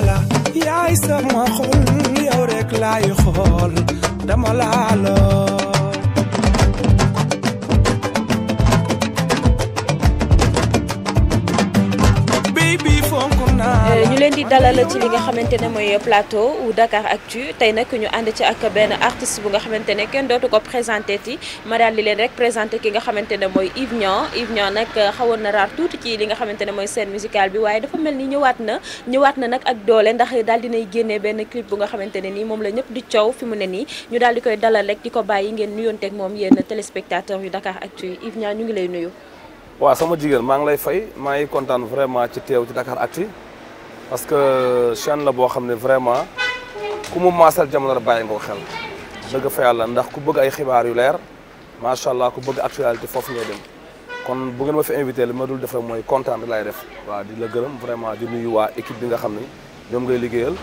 naa la yaay sama xol yow rek laay xool dama laa la dalal ci li nga xamante ne mooy plateau ou Dakar Actu tey nag ñu ànd ci ak benn artiste bu nga xamante ne kenn dootu ko présenté ti ma daal di leen rek présenté ki nga xamante ne mooy Yves Niang nag xawoon na raar tuuti li nga xamante ne mooy scène musicale bi waaye dafa mel ñëwaat na ñëwaat na nag ak doole ndax daal nay génne benn clip bu nga xamante ne nii moom la ñëpp di coow fi mu ne nii ñu daal di koy dalal rek di ko bàyyi ngeen nuyoonteeg moom yéen téléspectateurs yu Dakar Actu yi Yves ñu ngi lay nuyu waaw sama jigéen maa ngi lay fay maa ngi kontaan vraiment ci teew ci parce que chaîne la boo xam ne vraiment ku mu maasal jamono la bàyyi nga xel dëgg fa yàlla ndax ku bëgg ay xibaar yu leer macha allah ku bëgg actualité foofu ngay dem kon bu ngeen ma fi invité la ma dul def rek mooy kontaan lay def waaw di la gërëm vraiment di nuyu waa équipe bi nga xam ni ñoom ngay liggéeyal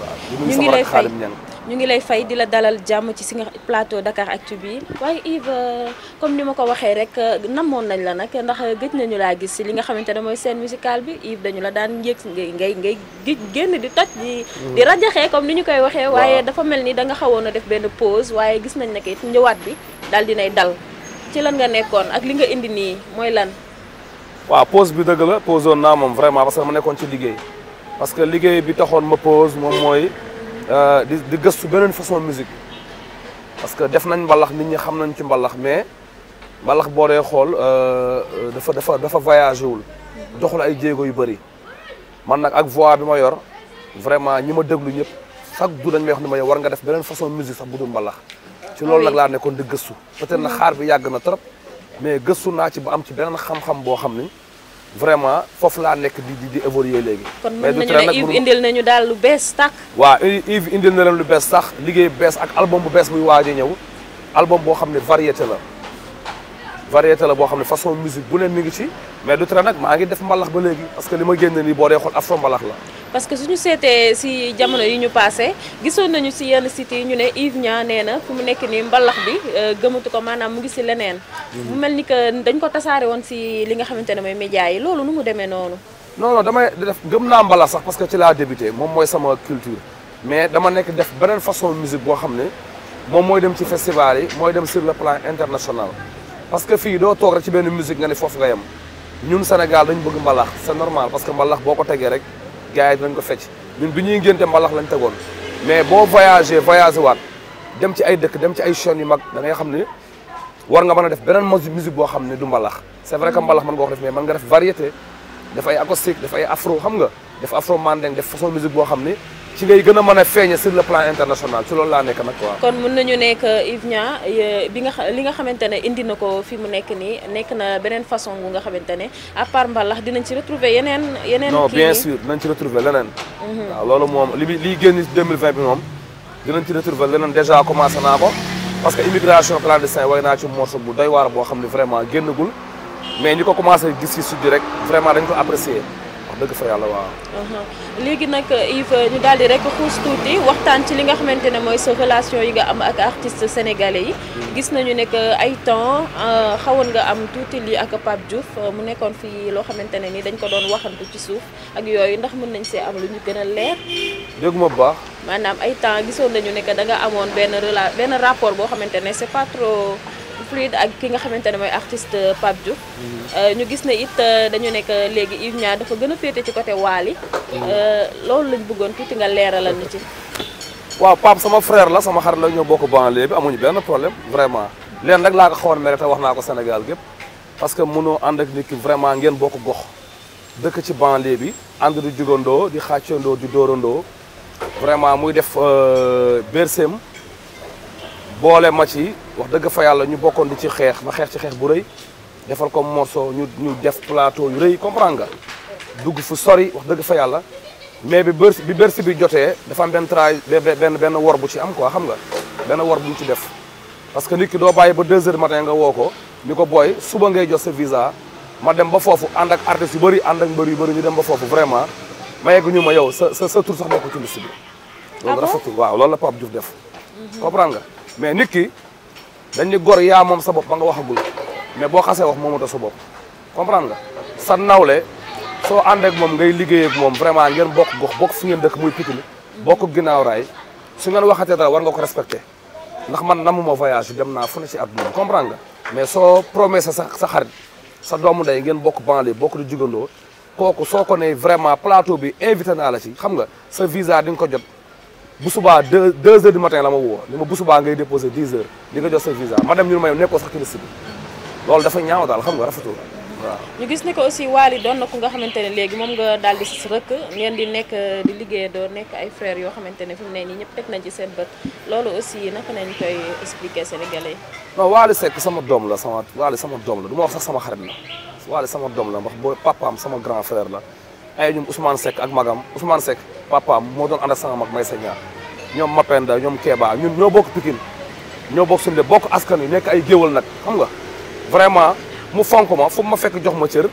waaw di nuyu sama xaalim ñang ñu ngi lay fay di la dalal jàmm ci si nga plateau Dakaractu bi waaye Yves comme ni ma ko waxee rek namoon nañ la nag ndax gëj nañu laa gis si li nga xamante ne mooy scène musicale bi Yves dañu la daan yëg ngay ngay ngay génn di toj di di rajaxee comme ni ñu koy waxee waaye dafa mel ni da xawoon a def benn pause waaye gis nañ ne it njëwaat bi daal dinay dal ci lan nga nekkoon ak li nga indi nii mooy lan waa pause bi dëgg la pause woon naa moom vraiment parce que ma nekkoon ci liggéey parce que liggéey bi taxoon ma pause moom mooy Euh, di di gëstu beneen façon musique parce que def nañ mbalax nit ñi xam nañu ci mbalax mais mbalax boo dee xool euh, euh, dafa dafa dafa voyagé wul doxul ay jéego yu bari man nag ak voix bi ma yor vraiment ñi ma déglu ñëpp chaque jour dañ may wax ni ma yow war nga def beneen façon musique sax bu dul mbalax ci loolu nag laa nekkoon di gëstu peut-être na mm-hmm. xaar bi yàgg na trop mais gëstu naa ci ba am ci beneen xam-xam boo xam ni vraiment foofu laa nekk di di di évoluer léegi. mais du tere nag kon mën nañu daal lu bees tax. waa Yves indil na leen lu bees sax liggéey bees ak album bu bees buy waaj a ñëw album boo xam ne variété la. variété la boo xam ne façon musique bu ne mi ngi ci mais du tere nag maa ngi def mbalax ba léegi parce que li ma génn nii boo dee xool afro mbalax la. parce que suñu seetee si jamono yi ñu passé gisoon nañu si yenn sites yi ñu ne Yves Niang nee na mu nekk nii mbalax bi euh, gëmatu ko maanaam mu ngi si leneen. Mm-hmm. mu mel ni que dañ ko tasaare woon si li nga xamante ne mooy médias yi loolu nu mu demee noonu. non non damay def gëm naa mbalax sax parce que ci laa débuté moom mooy sama culture mais dama nekk def beneen façon musique boo xam ne moom mooy dem ci festival mooy dem sur le plan international. parce que fii doo toog rek ci benn musique nga ne foofu nga yem ñun Sénégal dañ bëgg mbalax c'est normal parce que mbalax boo ko tegee rek gars yi dañ ko fecc ñun bi ñuy ngénte mbalax lañ tegoon mais boo voyagé voyagé waat dem ci ay dëkk dem ci ay chaînes yu mag da ngay xam ne war nga mën a def beneen musique boo xam ne du mbalax c'est vrai que mbalax man nga ko def mais mën nga def variété def ay acoustique def ay afro xam nga def afro mandeng def façon boo xam ne ci ngay gëna mëna mën sur le plan international ci loolu la nek nak quoi. kon mën nañu nek Yves Niang bi nga li nga xamante indi nako fi mu nek ni nek na benen façon bu nga xamantene à part mbalax dinañ ci retrouver yenen yenen non bien sûr dinañ ci retrouver leneen. Mhm. loolu moom li liy génn 2020 bi moom dinañ ci retrouver leneen déjà commencé naa ko parce que immigration clandestin way na ci morceau bu doy war bo xamni vraiment génnagul mais ñi ko commencé gis ci sud bi rek vraiment dañ ko apprécier. bëgg fa yàlla waaw. Uh-huh. léegi nag Yves ñu daal di rek xuus tuuti waxtaan ci li nga xamante ne mooy sa relation yi nga am ak artistes sénégalais yi. Hmm. gis nañu ne que ay temps euh, xawoon nga am tuuti lii ak Pape Diouf euh, mu nekkoon fii loo xamante ne nii dañ ko doon waxantu ci suuf ak yooyu ndax mën nañ see am lu ñu gën a leer. dégguma bu baax. maanaam ay temps gisoon nañu ne que da nga amoon benn rela benn rapport boo xamante ne c'est pas Fluide ak ki nga xamante ne mooy artiste Pape Diouf. Mhm. Euh, ñu gis ne it euh, dañu nekk léegi Yves Niang dafa gën a féete ci côté Wally. Mhm. Euh, loolu lañ bëggoon tuuti nga leeralal ñu ci. waaw Pape sama frère la sama xarit la ñoo bokk banlieue bi amuñu benn problème vraiment leen rek laa ko xawoon mere te wax naa ko Sénégal gépp parce que munoo ànd ak nit ki vraiment ngeen bokk gox dëkk ci banlieue bi ànd di jugandoo di xàccandoo di dóorandoo vraiment muy def berseem boole match yi wax dëgg fa yàlla ñu bokkoon di ci xeex ma xeex ci xeex bu rëy defal ko morceau ñu ñu def plateau yu rëy comprendre nga dugg fu sori wax dëgg fa yàlla mais bi bërsi bi bërsi bi jotee dafa am benn benn benn wor bu ci am ko quoi xam nga benn wor bu ñu ci def parce que nit ki doo bàyyi ba 2 heures matin nga woo ko ni ko booy suba ngay jot sa visa ma dem ba foofu ànd ak artistes yu bëri ànd ak mbër yu bëri ñu dem ba foofu vraiment ma yegg ñu ma yow sa sa sa tur sax bokk ci liste bi ah loolu rafetul waaw loolu la Pape Diouf def mhm. comprendre nga mais nit ki dañ ni gor ya mom sa bop ba nga waxagul mais bo xasse wax moomata sa bop comprendre nga sa nawle so ànd ak moom ngay liggey ak mom vraiment ngeen bok gox bok fi ngeen dekk muy pitini bok ginaaw ray su ngeen waxate dara war nga ko respecter ndax man namuma voyage dem na fu ne si comprendre nga mais so promesse sa sa xarit sa doomu day ngeen bok banlieue bok du jugandoo koku soko ne vraiment plateau bi invité na la ci xam nga sa visa ding ko jot bu subaa deux deux heures du matin la ma woo ni ma bu subaa ngay déposé dix heures di nga jot sa visa ma dem ñu may nekkoo sax ci liste bi loolu dafa ñaaw daal xam nga rafetul waaw. ñu gis ni ko aussi Waly doon na ko nga xamante ne léegi moom nga daal di si rëkk ngeen di nekk di liggéey doo nekk ay frères yoo xamante ne fi mu ne ñëpp teg nañ ci seen bët loolu aussi naka nañ koy expliquer Sénégalais yi. non Waly sama doom la sama Waly sama doom la duma ma wax sax sama xarit la Waly sama doom la wax booy papaam sama grand frère la ñoom Ousmane Seck ak magam Ousmane Seck. papaam moo doon ànd ak sama mag may sa ñaar ñoom Mapenda ñoom Kéba ñun ñoo bokk Pikine ñoo bokk suñu bokk askan wi nekk ay géwal nag xam nga vraiment mu fonk ma fu ma fekk jox ma cër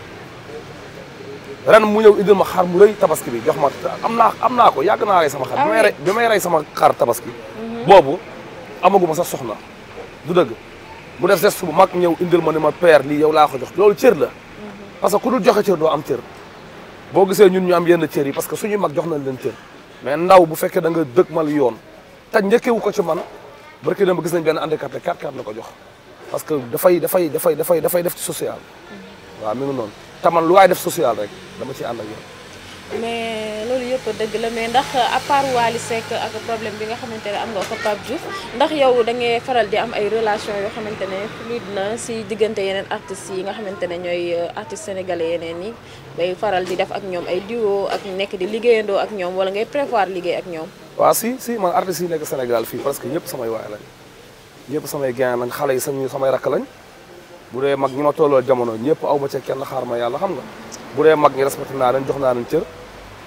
ren mu ñëw indil ma xar mu rëy tabaski bi jox ma am naa am naa ko yàgg naa rey sama xar. Ah bi may rey rey sama xar tabaski. Mhm. boobu amaguma sa soxna du dëgg. mu def geste bu mag ñëw indil ma ne ma père lii yow laa ko jox loolu cër la mhm. parce que ku dul joxe cër doo am cër. boo gisee ñun ñu am yenn cër yi parce que suñu mag jox nañ leen cër mais ndaw bu fekkee da nga dëgmal yoon te njëkkewu ko ci man barki dem ba gis nañ benn handicapé 4-4 la ko jox parce que dafay dafay dafay dafay dafay def ci social waaw mi ngi noonu te man lu waay def social rek dama ciy ànd ak yoon mais loolu yëpp dëgg la mais ndax à part Wally Seck ak problème bi nga xamante ne am nga ko Pape Diouf ndax yow da ngay faral di am ay relation yoo xamante ne fluide na si diggante yeneen artistes yi nga xamante ne ñooy euh, artistes sénégalais yeneen yi bay faral di def ak ñoom ay duo ak nekk di liggéeyandoo ak ñoom wala ngay prévoir liggéey ak ñoom. waa si si man artistes yi nekk Sénégal fii parce que ñëpp samay waay lañ ñëpp samay gain lañ xale yi sañu samay lañ bu dee mag ñi ma tolloo jamono ñëpp aw xaar ma yàlla xam nga bu dee mag ñi respecté naa leen jox naa leen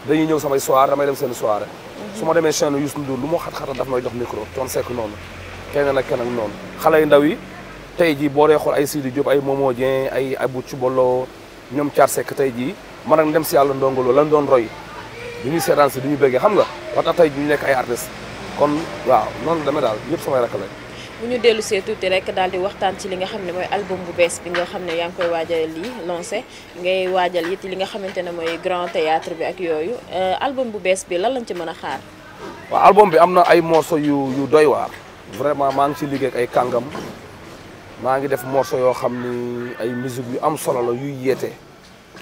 dañuy ñëw samay soirée damay dem seen soirée su ma demee chaîne Youssou Ndour lu mu xat-xatal daf may jox micro Thione Seck noonu keneen ak keneen noonu xale yu ndaw yi tey jii boo dee xool ay Sidi Diop ay Momo Dieng ay Abou Cubolo ñoom Thiar Seck tey jii man ak dem si ndongo ndongoloo lan doon roy du ñuy seetaan si du ñu bëggee xam nga ba tax tey ñu nekk ay artistes kon waaw noonu la demee daal ñëpp samay rakk lañ bu ñu dellu tuuti rek daal di waxtaan ci li nga xam ne mooy album bu bees bi nga xam ne yaa ngi koy waajal lii lancé ngay waajal it li nga xamante ne mooy grand théâtre bi ak yooyu euh, album bu bees bi lan lañ ci mën a xaar. waaw album bi am na ay morceaux yu yu doy waar. vraiment maa ngi ci liggéey ak ay kàngam maa ngi def morso yoo xam ni ay musique yu am solo la yuy yeete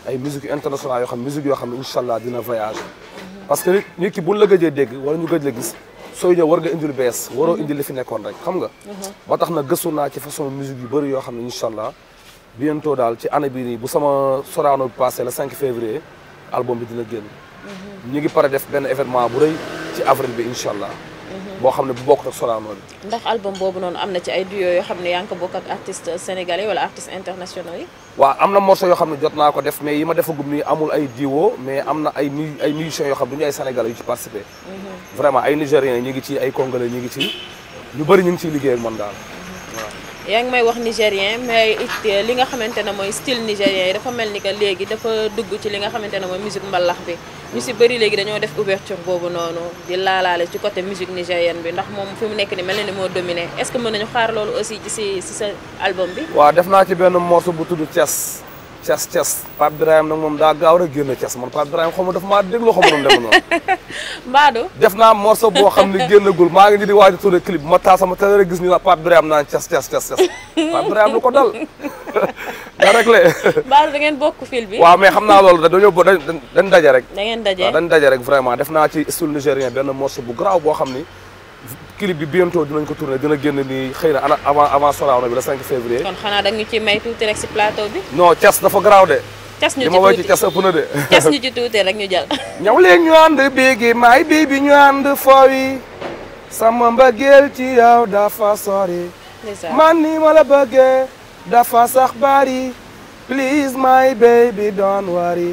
ay musique yu internationale yoo xam musique yoo xam ne incha allah dina voyage parce que nit ki buñ la gëjee dégg wala ñu gëj la gis. sooy ñëw war nga indil bees waroo indi li fi nekkoon rek xam nga uh-huh. ba tax na gëstu naa ci façon musique yu bëri yoo xam ne incha allah bientôt daal ci année bi nii bu sama Sorano bi passé le 5 février album bi dina génn uh-huh. ñu ngi pare def benn événement bu rëy ci avril bi incha allah bo xamne bu bokkut ak Sorano bi ndax album bobu non amna ci ay duo yo xamne yank yaa bokk ak artiste sénégalais wala artiste international yi wa amna morceau yo xamne ne jot naa ko def mais yima defagum ni amul ay duo mais amna ay ay musiciens yo xamne ne ay sénégalais yu ci participer vraiment ay nigériens ñi ngi ci ay congolais ñi ngi ci ñu bari ñi ngi ci liggéey ak man dal yaa ngi may wax nigérien mais it euh, li nga xamante ne mooy style nigérien yi dafa mel ni que léegi dafa dugg ci li nga xamante ne mooy musique mbalax bi ñu si bëri léegi dañoo def ouverture boobu noonu di laalaale ci côté musique nigérienne bi ndax moom fi mu nekk ni mel na ni moo dominé est-ce que mën nañu xaar loolu aussi ci si si sa album bi waaw def naa ci benn morceau bu tudd Thiès Thiès Thiès Pape Birahim nag moom daa gaaw rek génn Thiès man Pape Birahim xaw ma maa déglu xaw ma doon demee noonu. Mbado. def naa morceau boo xam ne génnagul maa ngi nii di waaj a tourné clip ma taa sama télé rek gis ñu naan ko dal. da rek la. Mbado da bokk fil bi. waaw mais xam naa loolu dañoo bo dañ dañ daje rek. da ngeen daje waaw dañ daje rek vraiment def naa ci style nigérien benn morceau bu garaaw boo xam ni. clip bi bientôt dinañ ko tourné dina génn nii xëy na ana avant avant Sorano bi le 5 février. kon xanaa da ñu ci may tuuti rek ñu ci tuuti ma na de. Thiès ñu ci tuuti rek ñu jël. ñaw leen ñu ànd béegi maay bii bi ñu ànd fooyi sama mbëggeel ci yow dafa sori. man ni ma la bëggee dafa sax bari please my baby don't worry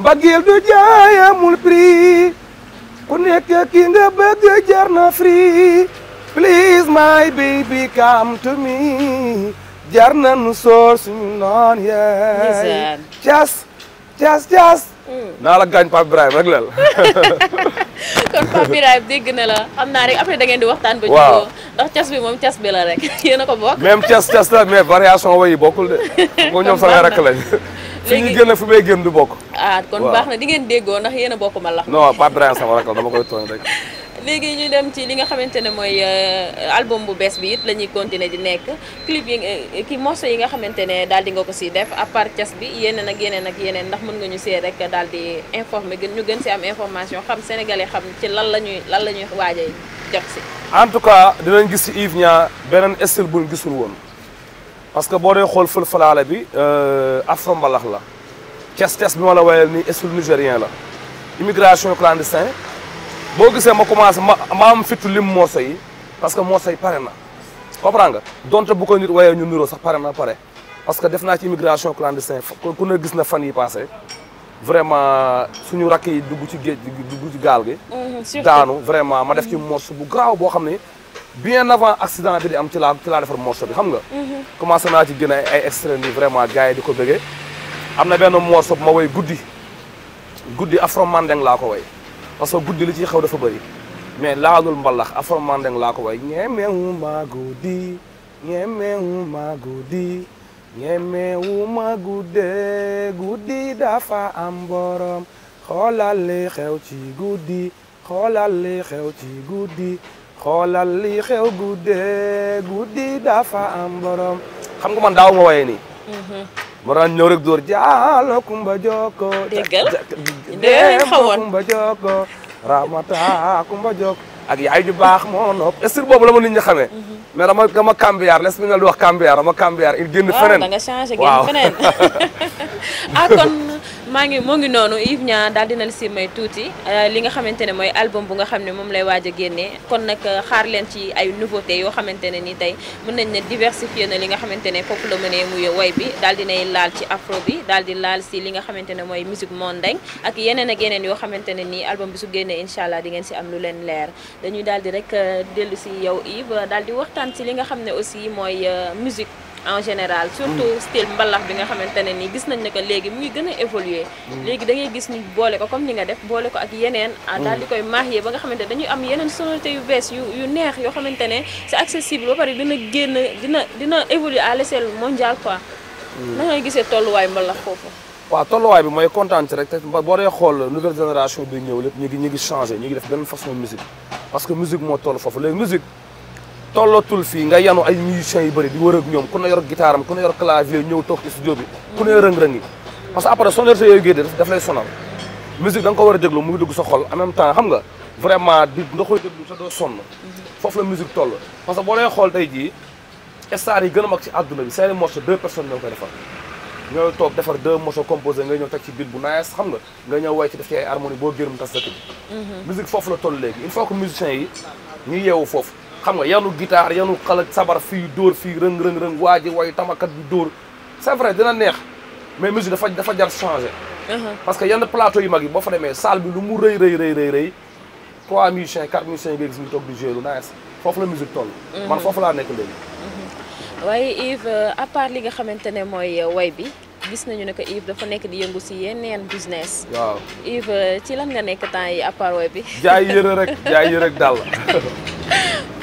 mbëggeel du jaay amul ku nekk ki nga free please my baby come to me Jarna na nu soor suñu Just, just, cas cas pa mm. naa maglal. gaañ Pape Birahim rek lal kon Pape Birahim dégg na la xam naa rek après da ngeen di waxtaan ba jubóo ndax bi moom cas bi rek yéen a ko bokk même cas la mais variation wayi bokkul de ko ñoom sama rakk lañ fi ñu génn fu may génn du bokk. ah kon baax na di ngeen déggoo ndax yéen a bokk ma lax. non Pape Ibrahima sama rakk dama koy tooñ rek. léegi ñu dem ci li nga xamante ne mooy euh, album bu bees bi it la ñuy continuer di nekk clip yi euh, ki morceau yi nga xamante ne daal di nga ko si def à part cas bi yeneen ak yeneen ak yeneen ndax mën nga ñu see rek daal di informer gën ñu gën si am information xam sénégalais xam ci lan la ñuy lan la ñuy waajee jot si. en tout cas dinañ gis si Yves Niang beneen style bu ñu woon. parce que boo dee xool fël falaale bi euh, afro mbalax la kestes bi ma la wayal ni estul nigérien la immigration clandestin boo gisee ma commencé ma ma am fitu lim morceau yi parce que morceau yi pare na comprends nga donte bu ko nit wayee ñu niroo sax pare na pare parce que def naa ci immigration clandestin ku ne gis na fan yi passé vraiment suñu rakk yi dugg ci géej dugg ci gaal gi mhm, daanu vraiment ma def ci mhm. morceau bu garaaw boo xam ne bien avant accident bi am ci laa ci laa xam nga. Mhm. commencé naa ci gën ay ay extrait vraiment gars yi di ko bëggee am na benn morceau bu ma woy guddi guddi afro mandeng laa ko woy parce que guddi li ciy xew dafa bëri mais laalul mbalax afro mandeng laa ko woy ñemewu ma guddi ñemewu ma guddi dafa am borom xoolal li xew ci guddi xoolal li xew ci guddi. xoolal li xew guddee guddi dafa am borom xam man daaw ma waye mhm. ma daan ñëw rek door jaalo kumba joko dee xawoon kumba joko ramata kumba joko ak yaay ju baax moo nopp boobu la ma nit ñi xamee mhm. mais dama dama cambiar l'espagnol di wax cambiar dama cambiar il génn ah, feneen waaw changé génn feneen ah, maa ngi moo ngi noonu Yves Niang daal dina la si may tuuti euh, li nga xamante ne mooy album bu nga xam ne moom lay waaj a génnee kon nag euh, xaar leen ci ay nouveauté yoo xamante ne ni tey mën nañ ne diversifié na li nga xamante ne foofu la mënee muy woy bi daal dinay laal ci afro bi daal di laal si li nga xamante ne mooy musique mondaine ak yeneen ak yeneen yoo xamante ne nii album bi su génnee incha allah di ngeen si am lu leen leer dañuy daal di rek euh, dellu si yow Yves daal di waxtaan si li nga xam ne aussi mooy musique en général surtout mm. style mbalax bi nga xamantene ni gis nañ ne que léegi mu ngi gën a évoluer mm. léegi da ngay gis ni boole ko comme ni nga def boole ko ak yeneen ah, mm. daal di koy marier ba nga xamantene dañuy am yenen sonorité yu bees yu yu neex yo xamantene c'est accessible ba pare dina génn dina dina évoluer à l'échelle mondiale quoi na ngay gisee tolluwaay mbalax fofu waaw tolluwaay bi moy contente rek bo boo xol nouvelle génération bi ñew lepp ñi ngi ñu ngi changer ñi ngi def ben façon musique parce que musique mo tollu fofu léegi musique tollatul fii nga yanu ay musiciens yu bëri di wër ak ñoom ku ne yor gitaaram ku ne yor clavier ñëw toog ci studio bi ku ne rëng-rëngi parce que après sonorité yooyu géej daf lay sonal musique da ko war a déglu muy dugg sa xol en même temps xam nga vraiment nga foofu la musique toll parce que boo lay xool tey jii stars yi gën a mag ci àdduna bi seeni morceaux deux personnes ñoo koy defar ñooy toog defar deux morceaux composé nga ñëw teg ci beat bu nice xam nga nga ñëw way ci def ci ay harmonie boo gërëm tas dëkk bi mhm. musique foofu la toll léegi il faut que musiciens yi ñu yeewu foofu xam nga yanu guitare yanu xal ak sabar fii dóor fii rëng rëng rëng waa ji way tamakat bi dóor c'est vrai dina neex mais musique dafa dafa jar changer uh-huh. parce que yenn plateau yu mag yi boo fa demee salle bi lu mu rëy rëy rëy rëy rëy trois musiciens quatre musiciens yi nga gis ñu toog di jouer foofu la musique toll uh-huh. man foofu laa nekk léegi uh-huh. waaye Yves à li nga xamante ne mooy way bi gis nañu ne que Yves dafa nekk di yëngu si yeneen business. waaw Yves ci lan nga nekk temps yi à part bi. jaay yëre rek jaay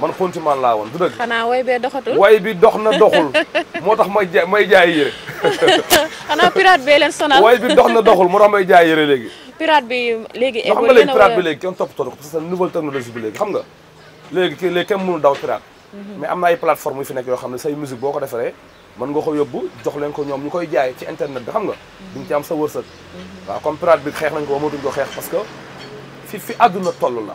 man xunti man laa woon du dëgg. xanaa way bee doxatul. way bi dox na doxul moo tax may ja may jaay yére. xanaa pirate bee leen sonal. way bi dox na doxul moo tax may jaay yére léegi. pirate bi léegi. évolué na xam nga léegi pirate bi léegi kenn toppatoo ko parce que nouvelle technologie bi léegi xam nga léegi kii léegi kenn mënu daw pirate. mais am na ay plateforme yu fi nekk yoo xam ne say musique boo ko defaree mën nga ko yóbbu jox leen ko ñoom ñu koy jaay ci internet bi xam nga. duñ ci am sa wërsëg. waaw comme pirate bi xeex nañ ko ba mënatuñ ko xeex parce que fi fi àdduna toll la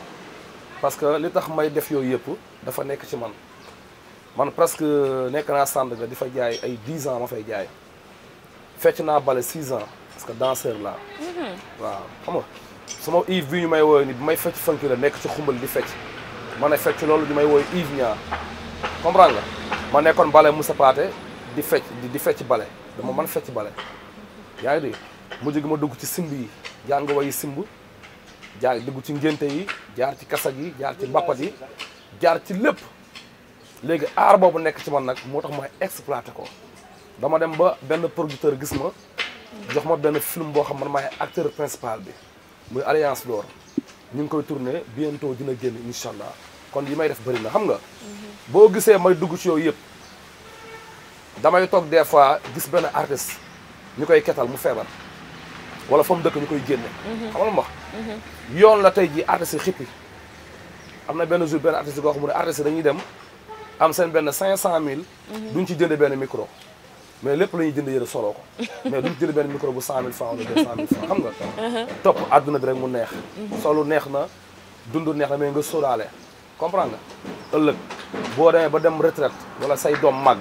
parce que li tax may def yooyu yëpp dafa nekk ci man man presque nekk naa Sandaga di fa jaay ay 10 ans ma fay jaay fecc naa bale 6 ans parce que danseur la mhm. waaw xam nga sama Yves bi ñu may wooyu ni bi may fecc fanki la nekk ci xumbal di fecc man a fecc loolu ñu may wooyu Yves ñaar comprendre nga ma nekkoon bale Moussa Paté di fecc di fecc bale dama man fecc bale yaa ngi dégg mujj gi ma dugg ci simb yi jàng wayi simb jaar dugg ci ngénte yi jaar ci kasak yi jaar ci mbappat yi jaar ci lépp léegi aar boobu nekk ci man nag moo tax ma exploité ko dama dem ba benn producteur gis ma jox ma benn film boo xam man maay acteur principal bi muy Alliance d'or ñu ngi koy tourné bientôt dina génn incha allah kon yi may def bëri na xam nga mhm. boo gisee may dugg ci yooyu yëpp damay toog des fois gis benn artiste ñu koy ketal mu feebar wala fa mu dëkk ñu koy génne. xam nga ma yoon la tey jii artiste xippi am na benn jour benn artiste goo xam ne artiste dañuy dem am seen benn cinq cent mille. duñ ci jënd benn micro. mais lépp la ñuy jënd yëre solo ko mais duñ jënd benn micro bu cent mille franc wala deux cent mille franc xam nga. topp àdduna bi rek mu neex. solu neex na dund neex na mais nga sóoraale comprendre nga. ëllëg boo demee ba dem retraite wala say doom màgg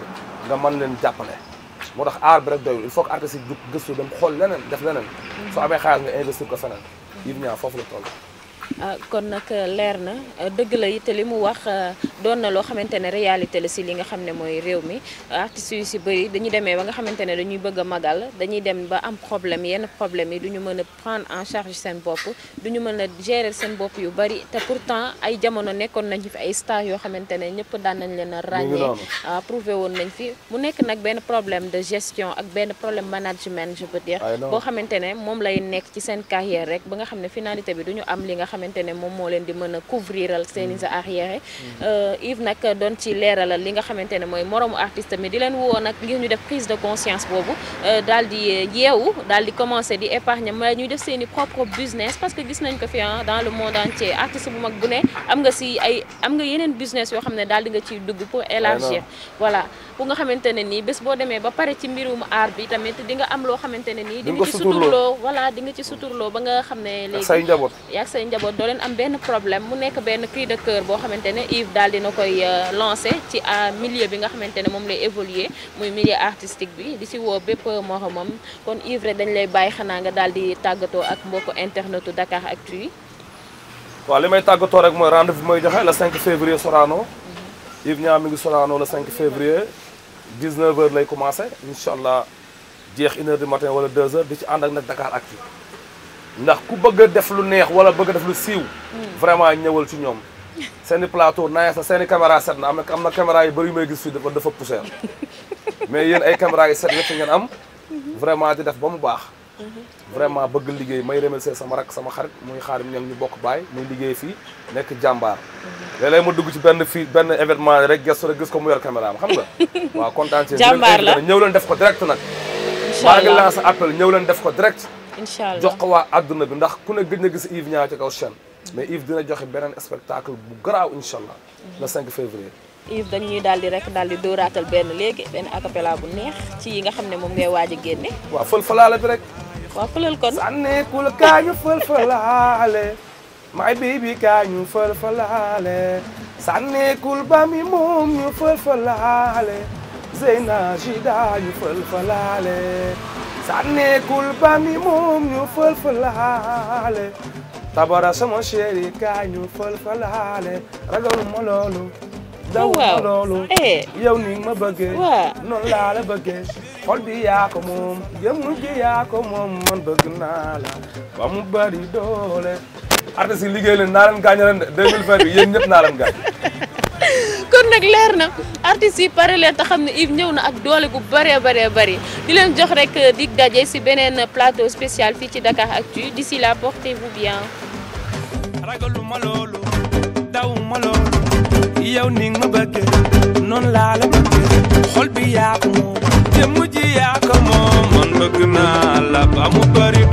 nga mën leen jàppale. moo tax aar bi rek doyul il faut que artiste yi gëstu dem xool leneen def leneen soo amee xaalis nga investir ko feneen Yves Niang foofu la toll Euh, kon nag euh, leer na euh, dëgg la it li mu wax doon na loo xamante ne réalité la si li nga xam ne mooy réew mi artistes yu si bëri dañu demee ba nga xamante ne dañuy bëgg a magal dañuy dem ba am problème yenn problème yi du ñu mën a prendre en charge seen bopp du ñu mën a gérer seen bopp yu bari te pourtant ay jamono nekkoon nañ fi ay stars yoo xamante ne ñëpp daan nañ leen a ràññee ah, prouvé woon nañ fi mu nekk nag benn problème de gestion ak benn problème management je peux xamante ne moom lay nekk ci seen carrière rek ba nga xam ne finalité xamantene mom mo len di meuna couvriral seen don sa arrière euh, Yves nak don ci leral li nga xamantene moy moromu artiste mi di len wo nak ngir ñu def prise de conscience euh dal di yewu dal di commencer di épargner mais ñu def seen propre business parce que gis nañ ko fi ah dans le monde entier artiste bu mag bu ne am nga si ay am nga yenen business yo xamne dal di nga ci dugg pour élargir voilà bu nga xamantene ni bes bo démé ba pare ci mbirum art bi tamit di nga am lo xamantene ni di nga ci suturloo voilà di nga ci ba nga xam légui léegi say ko doo leen am benn problème mu nekk benn cri de cœur boo xamante Yves daal dina koy euh, lancé ci milieu bi nga xamante ne lay évoluer muy milieu artistique bi di si woo bépp moromam kon Yves rek dañ lay bàyyi xanaa nga daal di tàggatoo ak mbokku internetu Dakar Actu yi. waaw li may tàggatoo rek mooy rendez-vous mooy joxe le 5 février Sorano. Mhm. Yves Niang mi Sorano le 5 février 19h lay commencé incha allah jeex 1h du matin wala 2h di ci ànd ak Dakar Actu. ndax ku bëgg a def lu neex wala bëgg def lu siiw. Hmm. vraiment ñëwal ci ñoom. seeni plateau naa sa seeni caméra set na am na am na caméra yu bëri may gis fii dafa dafa poussière mais yéen ay caméra yu set yëpp ngeen am. Hmm. vraiment di def ba mu baax. Hmm. vraiment bëgg liggéey may remercier sama rak sama xarit muy xaarim ñu bokk baay muy liggéey fii nekk jàmbaar. léeg-léeg ma dugg ci benn fii benn événement rek gestu rek gis ko mu yor caméra xam nga. waaw kontaan ci ñëw leen def ko direct nag. incha allah maa ngi lancé appel ñëw leen def ko direct. الله الله jox ko waa àdduna dañuy daldi rek daldi do ratal ben léegi ben acapella bu neex ci yi nga xamne mom ngay waji génne. wa fël falaale bi rek. wa fëlal kon. sané kul kañu fël falaale. my baby kañu ñu fël falaale. sànneekul ba mi moom ñu fël falaale. Zeyna Jida ñu fël falaale. sànneekul ba mi moom ñu fël-fëlaale tabara sama chéri kaay ñu fël-fëlaale ragalu ma loolu daw ma loolu yow ni ma bëggee noonu laa la bëggee xol bi yaa ko moom jëmm ji yaa ko moom man bëgg naa la mu bari doole artiste yi liggéey leen naa leen de 2020 bi yéen ñëpp naa leen rek leer na artistes yi pare leen te xam Yves ñëw na ak doole gu bari bari bari di leen jox rek dig dajé ci benen plateau spécial fi ci Dakar Actu d'ici là portez-vous bien. ragaluma loolu dawuma loolu yow ni nga ma bëggee noonu laa la bëggee xol bi ya ko moom te mujj yaa ko moom man bëgg na la ba mu bëri.